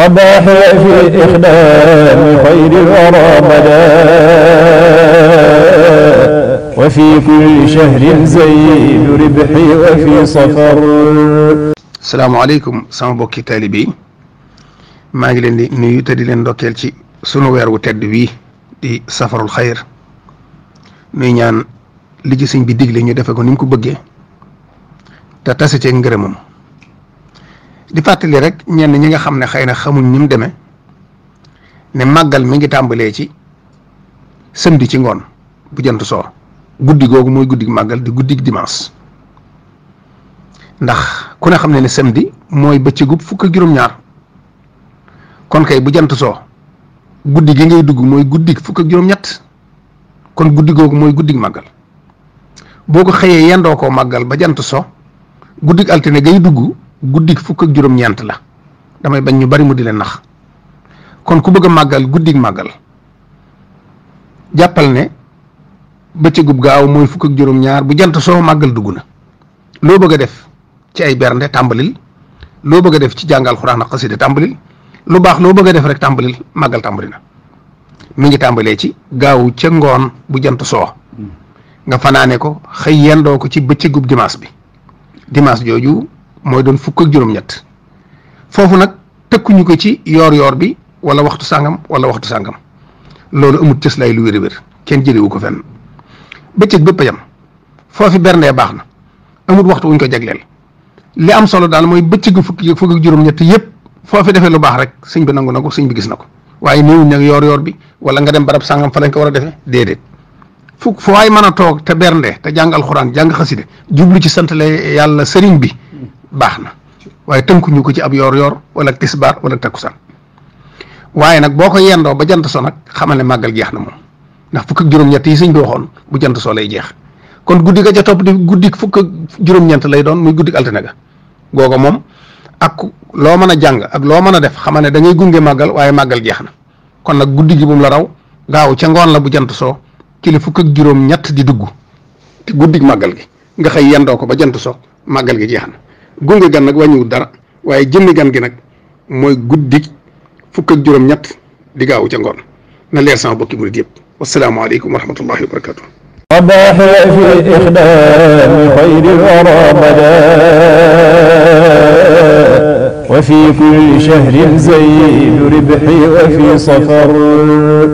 وضاحي في إخدام خير الورى بدا وفي كل شهر زيد ربحي وفي سفر salaamaaleykum sama mbokki taalibe yi maa ngi leen di nuyu te di leen ndokkeel ci sunu weer wu tedd wii di safarul xayr nuy ñaan li ci sëñ bi digle ñu defe ko ni mu ko bëggee te tase di fàttali rek ñenn ñi nga xam ne xëy na xamuñ ni mu demee ne màggal mi ngi tàmbalee ci samedi ci ngoon bu jant soo guddi googu mooy guddi màggal di guddi dimanche ndax ku ne xam ne ne samedi mooy bëccëgub fukk ak juróom soo guddi gi ngay dugg mooy guddi fukk ak juróom-ñett kon guddi googu mooy guddi màggal boo ko xëyee yendoo ko màggal ba jant soo guddi altine ngay dugg. guddik fukk ak juróom-ñeent la damay bañ ñu bari mu di leen nax kon ku bëgg a màggal guddik màggal jàppal ne bëccëgub gaaw mooy fukk ak juróom-ñaar bu jant soo màggal dugg na loo bëgg a def ci ay bernde tàmbalil loo bëgg a def ci jàngal xuraan ak xasida tàmbalil lu baax loo bëgg a def rek tàmbalil màggal tàmbali na mu ngi tàmbalee ci gaaw ca ngoon bu jant soo mm. nga fanaane ko xëy yendoo ko ci bëccëgub dimaas bi dimanche jooju mooy doon fukk ak juróom-ñett foofu nag tëkkuñu ko ci yoor-yoor bi wala waxtu sàngam wala waxtu sàngam loolu amul cëslaay lu wér-wér kenn jëlewu ko fenn bëccëg bépp yam foofi berndee baax na amul waxtu wuñ ko jagleel li am solo daal mooy bëccëgu fukki fukk ak juróom-ñett yëpp foofi defee lu baax rek suñ bi nangu na ko sëñ bi gis na ko waaye néewuñ nag yoor-yoor bi wala nga dem barab sàngam fa lañ ko war a dee déedéet. fukk fu waay mën a toog te bernde te jàng alxuraan jàng xaside jublu ci sant yàlla sëriñ bi baax na waaye tënkuñu ko ci ab yoor yor wala tisbaar wala takkusaan waaye nag boo ko yendoo ba jant soo nag xamal ne màggal jeex na moom ndax fukk ak juróom-ñett suñ ko waxoon bu jant so lay jeex kon guddi ga ca topp di fukk ak lay doon muy guddi altine ga googa moom ak loo mën a jàng ak loo mën a def xamal ne da gunge màggal waaye màggal jeex na kon nag guddi gi bu la raw gaaw ca ngoon la bu jant soo ci li juróom-ñett di dugg te guddi màggal gi nga xëy yendoo ko ba jant so màggal gi jeex na. gunge gan nag wàññiwul dara waaye jëmmi gan gi nag mooy guddi fukk ak juróom-ñett di gaawu ca ngoon na leer sama bokki murid yëpp wasalaamaaleykum wa rahmatullahi wa barakatu abaxya fi ixdami xayri wara bada wa fi kulli shahrin zayd ribxi wa fi safar